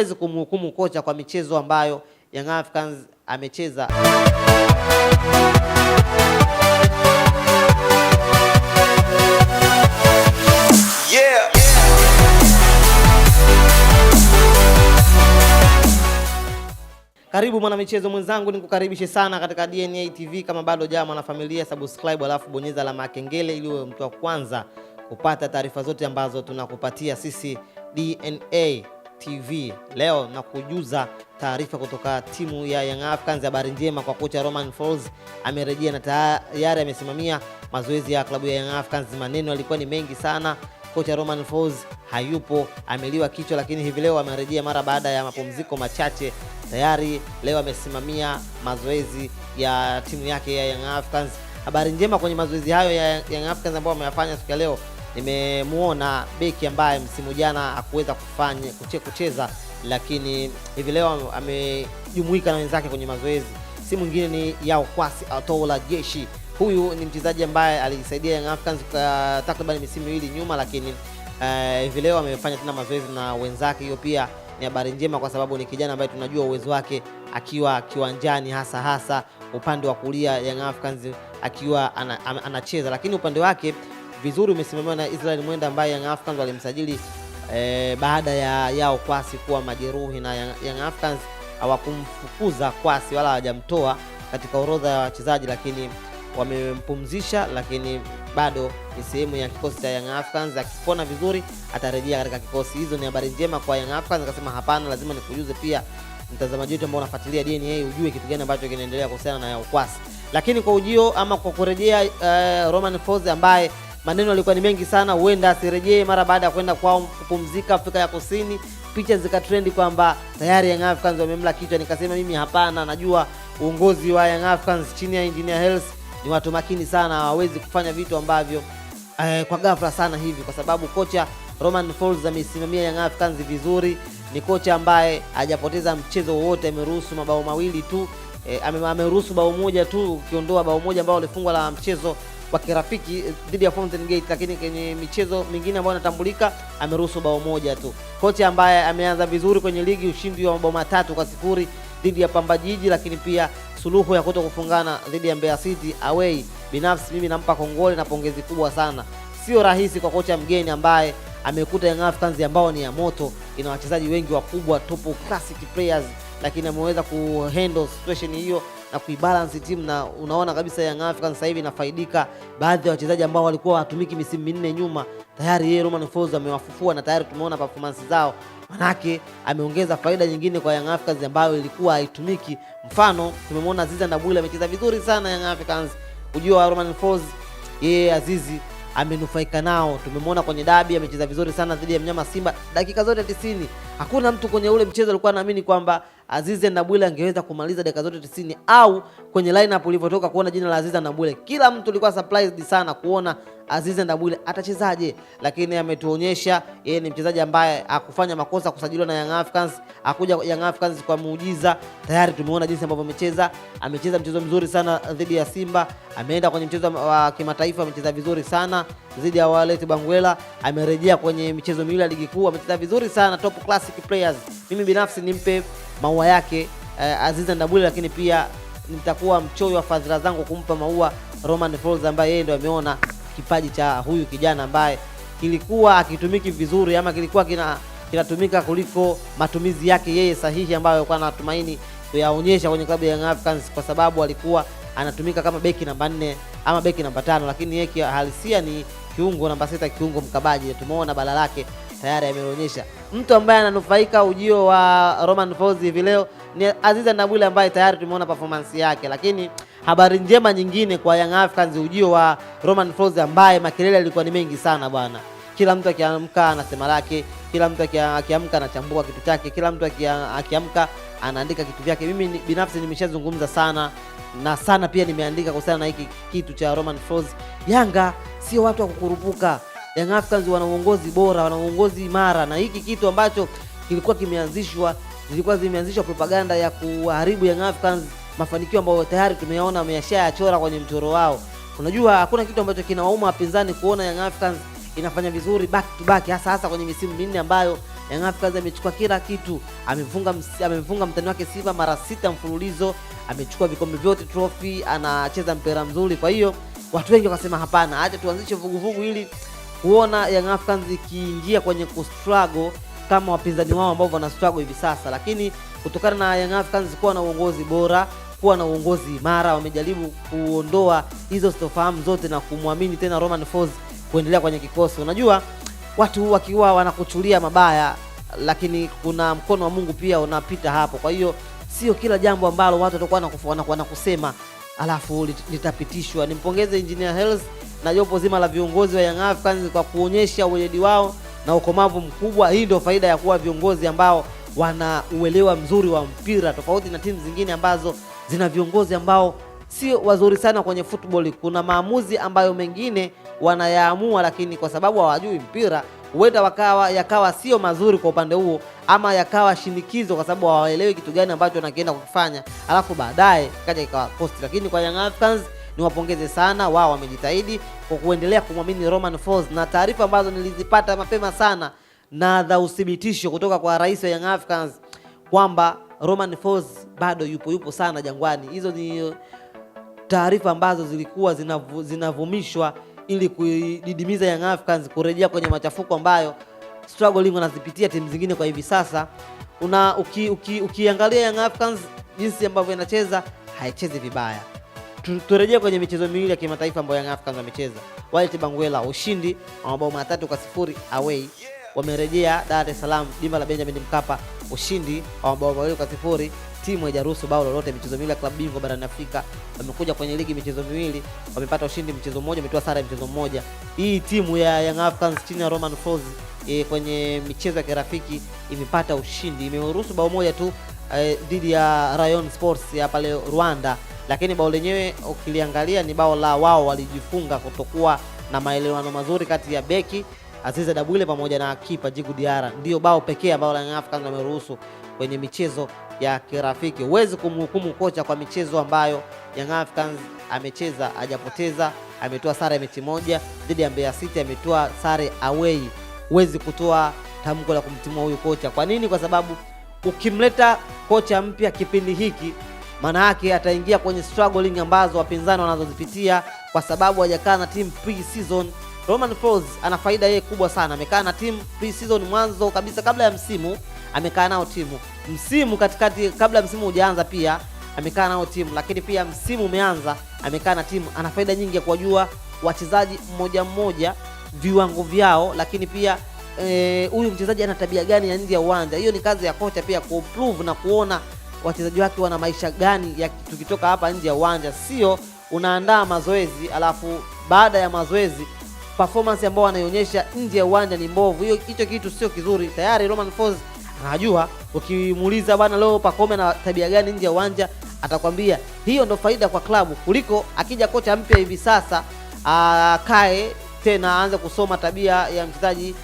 hatuwezi kumhukumu kocha kwa michezo ambayo Young Africans amecheza. Karibu mwana michezo mwenzangu, nikukaribishe sana katika DNA TV. Kama bado jawa mwanafamilia, subscribe alafu bonyeza alama ya kengele ili uwe mtu wa kwanza kupata taarifa zote ambazo tunakupatia sisi DNA. TV. Leo na kujuza taarifa kutoka timu ya Young Africans. Habari njema kwa kocha Roman Falls, amerejea na tayari amesimamia mazoezi ya klabu ya Young Africans. Maneno yalikuwa ni mengi sana, kocha Roman Falls hayupo, ameliwa kichwa, lakini hivi leo amerejea mara baada ya mapumziko machache. Tayari leo amesimamia mazoezi ya timu yake ya Young Africans. Habari njema kwenye mazoezi hayo ya Young Africans ambayo wameyafanya siku ya leo nimemwona beki ambaye msimu jana hakuweza kufanya kucheza, lakini hivi leo amejumuika na wenzake kwenye mazoezi. Si mwingine ni Yao Kwasi Atola Jeshi. Huyu ni mchezaji ambaye alisaidia Young Africans uh, takriban misimu miwili nyuma, lakini eh, hivi uh, leo amefanya tena mazoezi na wenzake. Hiyo pia ni habari njema, kwa sababu ni kijana ambaye tunajua uwezo wake akiwa kiwanjani, hasa hasa upande wa kulia Young Africans akiwa anacheza ana, ana, lakini upande wake vizuri umesimamiwa na Israel Mwenda ambaye Young Africans walimsajili e, baada ya yao Kwasi kuwa majeruhi na Young, Young Africans hawakumfukuza Kwasi wala hawajamtoa katika orodha ya wachezaji, lakini wamempumzisha, lakini bado ni sehemu ya kikosi cha Young Africans. Akipona vizuri atarejea katika kikosi. Hizo ni habari njema kwa Young Africans. Akasema hapana, lazima nikujuze pia mtazamaji wetu ambao unafuatilia DNA ujue kitu gani ambacho kinaendelea kuhusiana na Yao Kwasi, lakini kwa ujio ama kwa kurejea uh, eh, Romain Folz ambaye Maneno yalikuwa ni mengi sana, huenda asirejee mara baada ya kwenda kwao kupumzika Afrika ya Kusini. Picha zikatrendi kwamba tayari Young Africans wamemla kichwa. Nikasema mimi hapana, najua uongozi wa Young Africans chini ya Engineer Hersi ni watu makini sana, hawawezi kufanya vitu ambavyo eh, kwa ghafla sana hivi, kwa sababu kocha Roman Falls ameisimamia Young Africans vizuri. Ni kocha ambaye hajapoteza mchezo wowote, ameruhusu mabao mawili tu eh, ameruhusu bao moja tu, ukiondoa bao moja ambao alifungwa la mchezo wa kirafiki eh, dhidi ya Fountain Gate, lakini kwenye michezo mingine ambayo anatambulika ameruhusu bao moja tu. Kocha ambaye ameanza vizuri kwenye ligi, ushindi wa mabao matatu kwa sifuri dhidi ya Pamba Jiji, lakini pia suluhu ya kuto kufungana dhidi ya Mbeya City away. Binafsi mimi nampa kongole na pongezi kubwa sana, sio rahisi kwa kocha mgeni ambaye amekuta Young Africans ambao ni ya moto, ina wachezaji wengi wakubwa, top classic players, lakini ameweza kuhandle situation hiyo na kuibalance timu, na unaona kabisa Young Africans sasa hivi inafaidika. Baadhi ya wachezaji ambao walikuwa hawatumiki misimu minne nyuma, tayari yeye Romain Folz amewafufua na tayari tumeona performance zao, manake ameongeza faida nyingine kwa Young Africans ambayo ilikuwa haitumiki. Mfano, tumemwona Azizi Ndabwile amecheza vizuri sana Young Africans, ujio wa Romain Folz, yeye Azizi amenufaika nao. Tumemwona kwenye dabi amecheza vizuri sana dhidi ya mnyama Simba dakika zote tisini. Hakuna mtu kwenye ule mchezo alikuwa anaamini kwamba Azize Ndabwile angeweza kumaliza dakika zote tisini au kwenye lineup ulivyotoka kuona jina la Azize Ndabwile, kila mtu alikuwa surprised sana kuona Aziz Ndabwile atachezaje, lakini ametuonyesha yeye ni mchezaji ambaye akufanya makosa kusajiliwa na Young Africans. Akuja Young Africans kwa muujiza, tayari tumeona jinsi ambavyo amecheza. Amecheza mchezo mzuri sana dhidi ya Simba, ameenda kwenye mchezo wa kimataifa, amecheza vizuri sana dhidi ya Walet Banguela, amerejea kwenye michezo miwili ya ligi kuu, amecheza vizuri sana, top classic players. Mimi binafsi nimpe maua yake eh, Aziz Ndabwile, lakini pia nitakuwa mchoyo wa fadhila zangu kumpa maua Roman Falls ambaye yeye ndio ameona kipaji cha huyu kijana ambaye kilikuwa akitumiki vizuri ama kilikuwa kina kinatumika kuliko matumizi yake yeye sahihi ambayo alikuwa anatumaini kuyaonyesha kwenye klabu ya Young Africans, kwa sababu alikuwa anatumika kama beki namba 4 ama beki namba tano, lakini yeye halisia ni kiungo namba sita, kiungo mkabaji. Tumeona bala lake tayari ameonyesha. Mtu ambaye ananufaika ujio wa Romain Folz hivi leo ni Aziza Ndambwile ambaye tayari tumeona performance yake, lakini habari njema nyingine kwa Young Africans, ujio wa Roman Folz ambaye makelele yalikuwa ni mengi sana bwana. Kila mtu akiamka anasema lake, kila mtu akiamka anachambua kitu chake, kila mtu akiamka anaandika kitu vyake. Mimi binafsi nimeshazungumza sana na sana pia nimeandika kuhusiana na hiki kitu cha Roman Folz. Yanga sio watu wa kukurupuka. Young Africans wana uongozi bora, wana uongozi imara, na hiki kitu ambacho kilikuwa kimeanzishwa zilikuwa zimeanzishwa propaganda ya kuharibu Young Africans, mafanikio ambayo tayari tumeyaona wameyashayachora kwenye mchoro wao. Unajua hakuna kitu ambacho kinawauma wapinzani kuona Young Africans inafanya vizuri back to back, hasa hasa kwenye misimu minne ambayo Young Africans amechukua kila kitu. amefunga amefunga mtani wake Simba mara sita mfululizo, amechukua vikombe vyote, trophy, anacheza mpira mzuri. Kwa hiyo watu wengi wakasema hapana, acha tuanzishe vuguvugu ili kuona Young Africans ikiingia kwenye kustruggle kama wapinzani wao ambao wana struggle hivi sasa, lakini kutokana na Young Africans kuwa na uongozi bora kuwa na uongozi imara, wamejaribu kuondoa hizo sitofahamu zote na kumwamini tena Romain Folz kuendelea kwenye kikosi. Unajua, watu wakiwa wanakuchulia mabaya, lakini kuna mkono wa Mungu pia unapita hapo. Kwa hiyo sio kila jambo ambalo watu watakuwa wanakusema alafu litapitishwa. Nimpongeze Engineer Hersi na jopo zima la viongozi wa Young Africans kwa kuonyesha uweledi wao na ukomavu mkubwa. Hii ndio faida ya kuwa viongozi ambao wana uelewa mzuri wa mpira, tofauti na timu zingine ambazo zina viongozi ambao sio wazuri sana kwenye football. Kuna maamuzi ambayo mengine wanayaamua, lakini kwa sababu hawajui mpira huenda wakawa yakawa sio mazuri kwa upande huo, ama yakawa shinikizo kwa sababu hawaelewi kitu gani ambacho wanakienda kukifanya, alafu baadaye kaja ikawa kosti. Lakini kwa Young Africans niwapongeze sana wao, wamejitahidi kwa kuendelea kumwamini Romain Folz, na taarifa ambazo nilizipata mapema sana na za uthibitisho kutoka kwa rais wa Young Africans kwamba Romain Folz bado yupo yupo sana Jangwani. Hizo ni taarifa ambazo zilikuwa zinavu, zinavumishwa ili kudidimiza Young Africans kurejea kwenye machafuko ambayo struggling wanazipitia timu zingine kwa hivi sasa. Una ukiangalia uki, uki Young Africans jinsi ambavyo inacheza haichezi vibaya turejee kwenye michezo miwili ya kimataifa ambayo Young Africans wamecheza. White Banguela ushindi wa mabao matatu kwa sifuri away, wamerejea Dar es Salaam dimba la Benjamin Mkapa ushindi wa mabao mawili kwa sifuri. Timu haijaruhusu bao lolote michezo miwili ya klabu bingwa barani Afrika. Wamekuja kwenye ligi michezo miwili, wamepata ushindi mchezo mmoja, wametoa sare mchezo mmoja. Hii timu ya Young Africans chini ya Roman Folz e, kwenye michezo ya kirafiki imepata ushindi, imeruhusu bao moja tu e, dhidi ya Rayon Sports ya pale Rwanda lakini bao lenyewe ukiliangalia ni bao la wao, walijifunga kutokuwa na maelewano mazuri kati ya beki Aziza Dabwile pamoja na kipa Djigu Diarra. ndio bao pekee ambao Young Africans wameruhusu kwenye michezo ya kirafiki. Huwezi kumhukumu kocha kwa michezo ambayo Young Africans amecheza, hajapoteza, ametoa sare mechi moja dhidi ya Mbeya City, ametoa sare away. Huwezi kutoa tamko la kumtimua huyu kocha. Kwa nini? Kwa sababu ukimleta kocha mpya kipindi hiki maana yake ataingia kwenye struggling ambazo wapinzani wanazozipitia kwa sababu hajakaa na timu pre-season. Romain Folz ana faida yeye kubwa sana, amekaa na timu pre-season mwanzo kabisa kabla ya msimu, amekaa nao timu msimu katikati, kabla ya msimu hujaanza pia amekaa nao timu, lakini pia msimu umeanza, amekaa na timu. Ana faida nyingi ya kuwajua wachezaji mmoja mmoja viwango vyao, lakini pia eh, huyu e, mchezaji ana tabia gani ya nje ya uwanja. Hiyo ni kazi ya kocha pia kuprove na kuona wachezaji wake wana maisha gani ya tukitoka hapa nje ya uwanja, sio unaandaa mazoezi alafu baada ya mazoezi performance ambayo wanaionyesha nje ya uwanja ni mbovu. Hiyo hicho kitu sio kizuri. Tayari Romain Folz anajua, ukimuuliza bwana, leo Pacome na tabia gani nje ya uwanja, atakwambia hiyo ndo faida kwa klabu kuliko akija kocha mpya hivi sasa akae tena aanze kusoma tabia ya mchezaji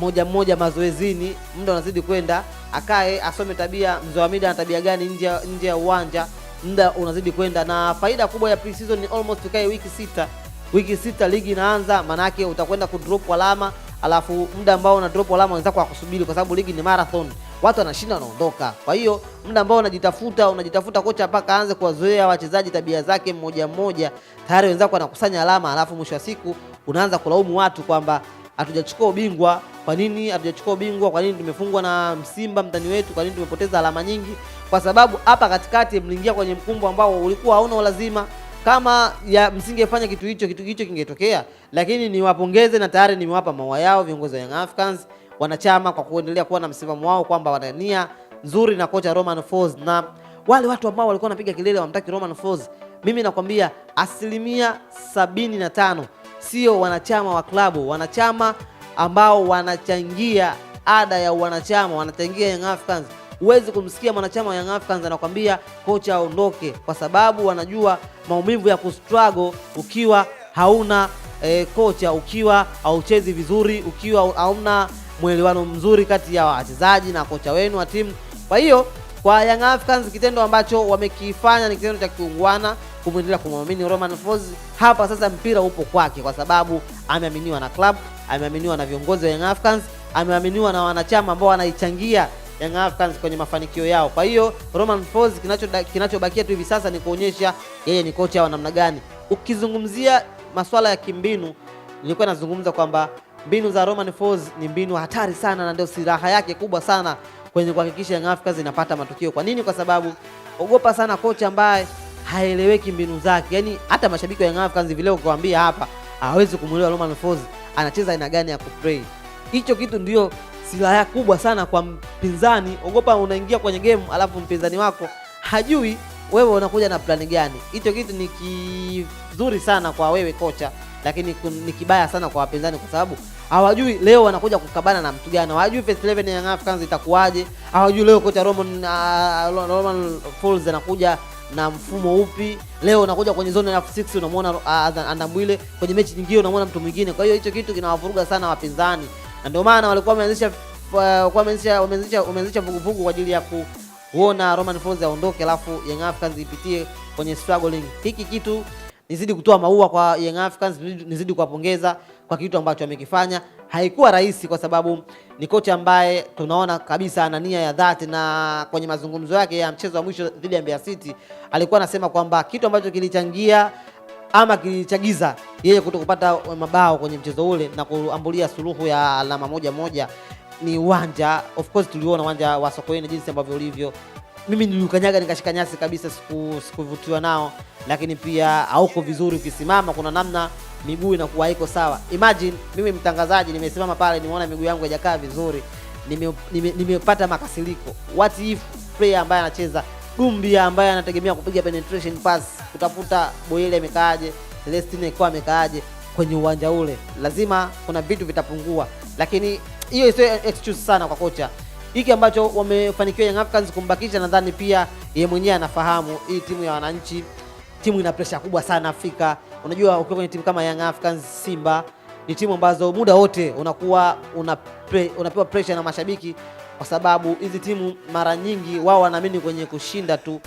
moja mmoja mazoezini, muda unazidi kwenda akae asome tabia mzoamida na tabia gani nje nje ya uwanja. Muda unazidi kwenda, na faida kubwa ya pre-season ni almost ukae wiki sita, wiki sita ligi inaanza, manake utakwenda kudrop alama, alafu muda ambao una drop alama wenzako wakusubiri, kwa sababu ligi ni marathon, watu wanashinda wanaondoka. Kwa hiyo muda ambao unajitafuta unajitafuta kocha mpaka aanze kuwazoea wachezaji tabia zake mmoja mmoja, tayari wenzako wanakusanya alama, alafu mwisho wa siku unaanza kulaumu watu kwamba hatujachukua ubingwa. Kwa nini hatujachukua ubingwa? Kwa nini tumefungwa na Msimba mtani wetu? Kwa nini tumepoteza alama nyingi? Kwa sababu hapa katikati mliingia kwenye mkumbo ambao ulikuwa hauna ulazima. Kama ya msingefanya kitu hicho, kitu hicho kingetokea. Lakini niwapongeze na tayari nimewapa maua yao viongozi wa Young Africans, wanachama kwa kuendelea kuwa na msimamo wao kwamba wana nia nzuri na kocha Romain Folz na wale watu ambao walikuwa wanapiga kelele wamtaki Romain Folz, mimi nakwambia asilimia sabini na tano sio wanachama wa klabu, wanachama ambao wanachangia ada ya wanachama, wanachangia Young Africans. Huwezi kumsikia mwanachama wa Young Africans anakwambia kocha aondoke, kwa sababu wanajua maumivu ya kustruggle ukiwa hauna e, kocha, ukiwa hauchezi vizuri, ukiwa hauna mwelewano mzuri kati ya wachezaji na kocha wenu wa timu. Kwa hiyo kwa Young Africans kitendo ambacho wamekifanya ni kitendo cha kiungwana kumwendelea kumwamini Roman Folz. Hapa sasa mpira upo kwake, kwa sababu ameaminiwa na club, ameaminiwa na viongozi wa Young Africans, ameaminiwa na wanachama ambao wanaichangia Young Africans kwenye mafanikio yao. Kwa hiyo Roman Folz, kinachobakia kinacho tu hivi sasa ni kuonyesha yeye ni kocha wa namna gani. Ukizungumzia masuala ya kimbinu, nilikuwa nazungumza kwamba mbinu za Roman Folz ni mbinu hatari sana, na ndio silaha yake kubwa sana kwenye kuhakikisha Young Africans inapata matukio. Kwa nini? Kwa sababu ogopa sana kocha ambaye haeleweki mbinu zake, yaani hata mashabiki wa Young Africans vileo ukiwaambia hapa hawezi kumuelewa Romain Folz anacheza aina gani ya kuplay. Hicho kitu ndio silaha kubwa sana kwa mpinzani. Ogopa unaingia kwenye game alafu mpinzani wako hajui wewe unakuja na plani gani. Hicho kitu ni kizuri sana kwa wewe kocha, lakini ni kibaya sana kwa wapinzani, kwa sababu hawajui leo wanakuja kukabana na mtu gani, hawajui first 11 ya Young Africans itakuwaje, hawajui leo kocha Roman, uh, Roman Folz anakuja na mfumo upi. Leo unakuja kwenye zone ya 6 unamwona uh, ah, Andambwile, kwenye mechi nyingine unamwona mtu mwingine. Kwa hiyo hicho kitu kinawavuruga sana wapinzani, na ndio maana walikuwa wameanzisha uh, wameanzisha vuguvugu kwa ajili ya kuona Roman Folz aondoke, alafu Young Africans ipitie kwenye struggling. Hiki kitu nizidi kutoa maua kwa Young Africans, nizidi kuwapongeza kwa kitu ambacho wamekifanya haikuwa rahisi, kwa sababu ni kocha ambaye tunaona kabisa ana nia ya dhati, na kwenye mazungumzo yake ya mchezo wa mwisho dhidi ya Mbeya City alikuwa anasema kwamba kitu ambacho kilichangia ama kilichagiza yeye kuto kupata mabao kwenye mchezo ule na kuambulia suluhu ya alama moja moja ni uwanja. Of course tuliona uwanja wa Sokoine jinsi ambavyo ulivyo mimi nilikanyaga nikashika nyasi kabisa, sikuvutiwa nao, lakini pia hauko vizuri. Ukisimama kuna namna miguu inakuwa haiko sawa. Imagine mimi mtangazaji nimesimama pale, nimeona miguu yangu haijakaa vizuri, nimepata nime, nime makasiriko. What if player ambaye anacheza Gumbia ambaye anategemea kupiga penetration pass, kutafuta Boyele amekaaje, Celestine kwa amekaaje kwenye uwanja ule, lazima kuna vitu vitapungua, lakini hiyo sio excuse sana kwa kocha hiki ambacho wamefanikiwa Young Africans kumbakisha, nadhani pia yeye mwenyewe anafahamu hii timu ya wananchi, timu ina presha kubwa sana Afrika. Unajua, ukiwa kwenye timu kama Young Africans, Simba ni timu ambazo muda wote unakuwa una pre, unapewa presha na mashabiki, kwa sababu hizi timu mara nyingi wao wanaamini kwenye kushinda tu,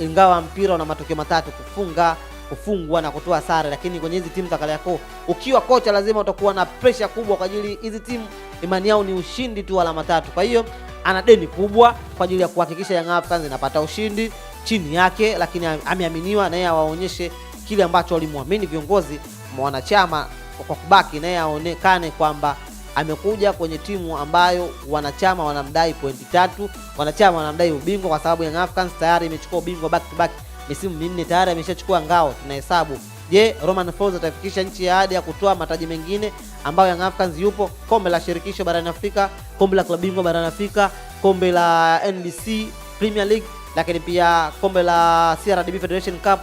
ingawa mpira una matokeo matatu: kufunga, kufungwa na kutoa sare. Lakini kwenye hizi timu za Kariakoo, ukiwa kocha, lazima utakuwa na presha kubwa, kwa ajili hizi timu imani yao ni ushindi tu, alama tatu. Kwa hiyo ana deni kubwa kwa ajili ya kuhakikisha Young Africans inapata ushindi chini yake, lakini ameaminiwa naye awaonyeshe kile ambacho walimwamini viongozi mwa wanachama kwa kubaki, naye aonekane kwamba amekuja kwenye timu ambayo wanachama wanamdai pointi tatu, wanachama wanamdai ubingwa, kwa sababu Young Africans tayari imechukua ubingwa back to back misimu minne, tayari ameshachukua ngao, tunahesabu Je, Romain Folz atafikisha nchi ya ahadi ya kutoa mataji mengine ambayo Young Africans yupo? Kombe la shirikisho barani Afrika, kombe la klabu bingwa barani Afrika, kombe la NBC Premier League, lakini pia kombe la CRDB Federation Cup,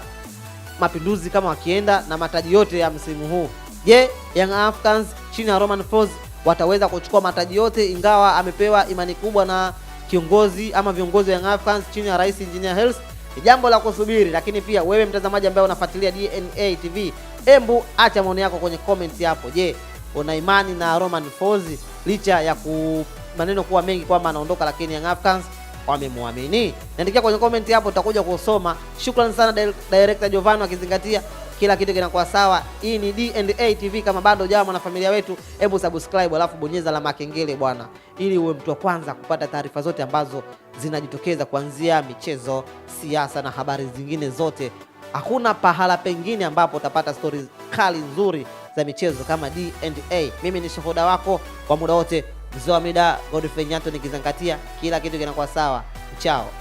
mapinduzi kama wakienda na mataji yote ya msimu huu. Je, Young Africans chini ya Romain Folz wataweza kuchukua mataji yote, ingawa amepewa imani kubwa na kiongozi ama viongozi wa Young Africans chini ya Rais Engineer Hersi ni jambo la kusubiri. Lakini pia wewe mtazamaji ambaye unafuatilia DNA TV, embu acha maoni yako kwenye comment hapo. Je, una imani na Romain Folz licha ya ku maneno kuwa mengi kwamba anaondoka, lakini Young Africans wamemwamini? Niandikia kwenye comment hapo, tutakuja kusoma. Shukrani sana director Jovano akizingatia kila kitu kinakuwa sawa. Hii ni D&A TV, kama bado jawa mwanafamilia wetu, hebu subscribe alafu bonyeza alama kengele bwana, ili uwe mtu wa kwanza kupata taarifa zote ambazo zinajitokeza kuanzia michezo, siasa na habari zingine zote. Hakuna pahala pengine ambapo utapata stori kali nzuri za michezo kama D&A. Mimi ni shahoda wako kwa muda wote, mzee wa mida Godfrey Nyato, nikizingatia kila kitu kinakuwa sawa. Chao.